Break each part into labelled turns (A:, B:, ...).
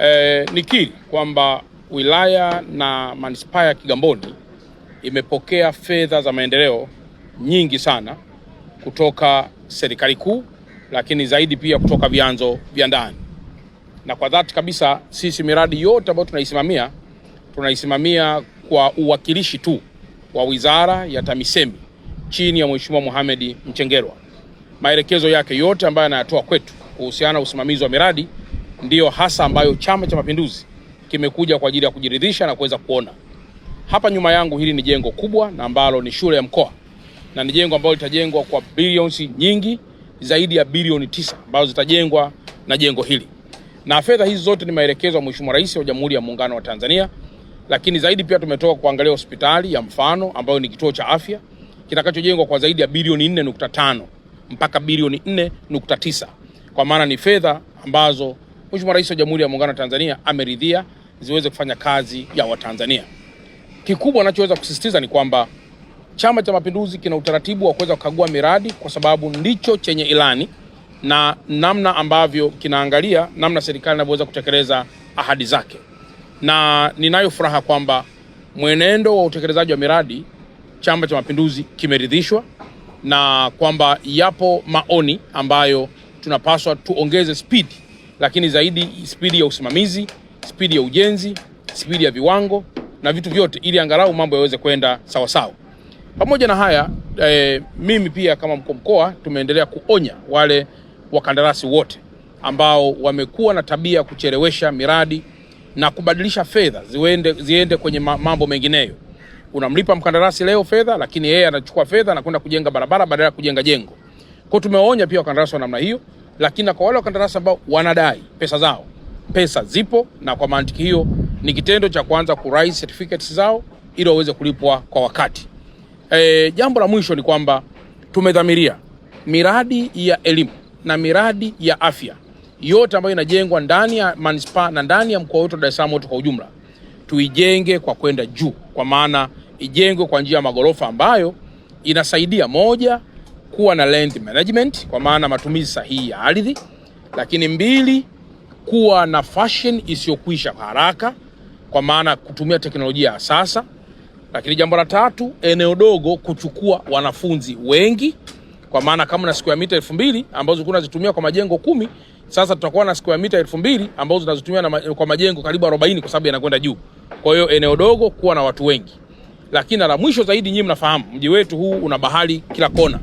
A: Eh, nikiri kwamba wilaya na manispaa ya Kigamboni imepokea fedha za maendeleo nyingi sana kutoka serikali kuu, lakini zaidi pia kutoka vyanzo vya ndani, na kwa dhati kabisa sisi miradi yote ambayo tunaisimamia tunaisimamia kwa uwakilishi tu wa wizara ya TAMISEMI chini ya Mheshimiwa Mohamed Mchengerwa. Maelekezo yake yote ambayo anayatoa kwetu kuhusiana na usimamizi wa miradi ndiyo hasa ambayo Chama cha Mapinduzi kimekuja kwa ajili ya kujiridhisha na kuweza kuona. Hapa nyuma yangu hili ni jengo kubwa na ambalo ni shule ya mkoa na ni jengo ambalo litajengwa kwa bilioni nyingi zaidi ya bilioni tisa ambazo zitajengwa na jengo hili, na fedha hizi zote ni maelekezo ya Mheshimiwa Rais wa Jamhuri ya Muungano wa Tanzania. Lakini zaidi pia tumetoka kuangalia hospitali ya mfano ambayo ni kituo cha afya kitakachojengwa kwa zaidi ya bilioni 4.5 mpaka bilioni 4.9 kwa maana ni fedha ambazo Mheshimiwa Rais wa Jamhuri ya Muungano wa Tanzania ameridhia ziweze kufanya kazi ya Watanzania. Kikubwa anachoweza kusisitiza ni kwamba Chama cha Mapinduzi kina utaratibu wa kuweza kukagua miradi kwa sababu ndicho chenye ilani na namna ambavyo kinaangalia namna serikali inavyoweza kutekeleza ahadi zake, na ninayo furaha kwamba mwenendo wa utekelezaji wa miradi Chama cha Mapinduzi kimeridhishwa na kwamba yapo maoni ambayo tunapaswa tuongeze spidi lakini zaidi spidi ya usimamizi, spidi ya ujenzi, spidi ya viwango na vitu vyote, ili angalau mambo yaweze kwenda sawasawa. Pamoja na haya e, mimi pia kama mkuu mkoa tumeendelea kuonya wale wakandarasi wote ambao wamekuwa na tabia kucherewesha kuchelewesha miradi na kubadilisha fedha ziende, ziende kwenye mambo mengineyo. Unamlipa mkandarasi leo fedha, lakini yeye anachukua fedha na kwenda kujenga barabara badala ya kujenga jengo. Kwa tumewaonya pia wakandarasi wa namna hiyo lakini na kwa wale wakandarasi ambao wanadai pesa zao, pesa zipo, na kwa mantiki hiyo ni kitendo cha kuanza kurai certificates zao ili waweze kulipwa kwa wakati. E, jambo la mwisho ni kwamba tumedhamiria miradi ya elimu na miradi ya afya yote ambayo inajengwa ndani ya manispaa na ndani ya mkoa wetu wa Dar es Salaam wote kwa ujumla, tuijenge kwa kwenda juu, kwa maana ijengwe kwa njia ya magorofa ambayo inasaidia moja kuwa na land management, kwa maana matumizi sahihi ya ardhi, lakini mbili, kuwa na fashion isiyokwisha haraka, kwa maana kutumia teknolojia ya sasa, lakini jambo la tatu, eneo dogo kuchukua wanafunzi wengi, kwa maana kama na square mita elfu mbili ambazo kuna zitumia kwa majengo kumi, sasa tutakuwa na square mita elfu mbili ambazo zinazotumia ma kwa majengo karibu 40 kwa sababu yanakwenda juu. Kwa hiyo eneo dogo, kuwa na watu wengi, lakini la mwisho zaidi, nyinyi mnafahamu mji wetu huu una bahari kila kona.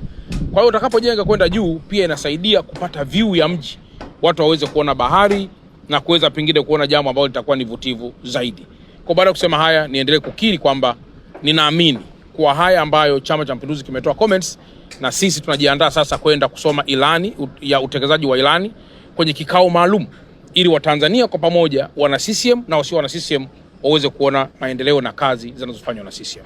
A: Kwa hiyo utakapojenga kwenda juu, pia inasaidia kupata view ya mji, watu waweze kuona bahari na kuweza pengine kuona jambo ambalo litakuwa ni vutivu zaidi. Kwa baada ya kusema haya, niendelee kukiri kwamba ninaamini kwa haya ambayo Chama cha Mapinduzi kimetoa comments, na sisi tunajiandaa sasa kwenda kusoma ilani ya utekelezaji wa ilani kwenye kikao maalum, ili Watanzania kwa pamoja, wana CCM na wasio wana CCM, waweze kuona maendeleo na kazi zinazofanywa na CCM.